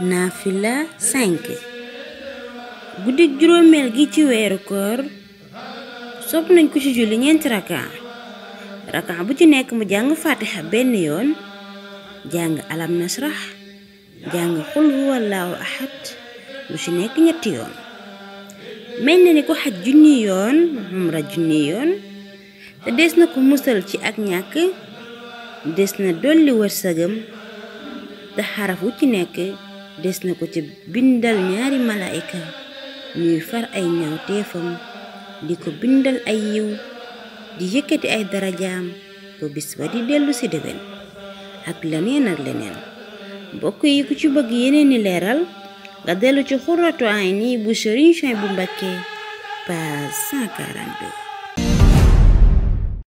naafila 5 guddik juróomeel gi ci weeru koor sopp nañ ko ci julli ñeenti rakaa rakaa bu ci nekk mu jàng faatiha benn yoon jàng alam nasrah jàng xul huwallaahu ahad lu ci nekk ñetti yoon mel ni ko xaj junni yoon umra te des na ko musal ci ak ñakk des na dolli wërsëgam te xaraf wu ci nekk des na ko ci bindal ñaari malaayka ñuy far ay ñaaw teefam di ko bindal ay yiw di yëkkati ay darajaam ba bis ba di dellu si déwén ak leneen ak leneen mbokk yi ku ci bëgg yeneen ni leeral nga dellu ci xurratu ayni bu Sëriñ Suhaybu bu Mbakke page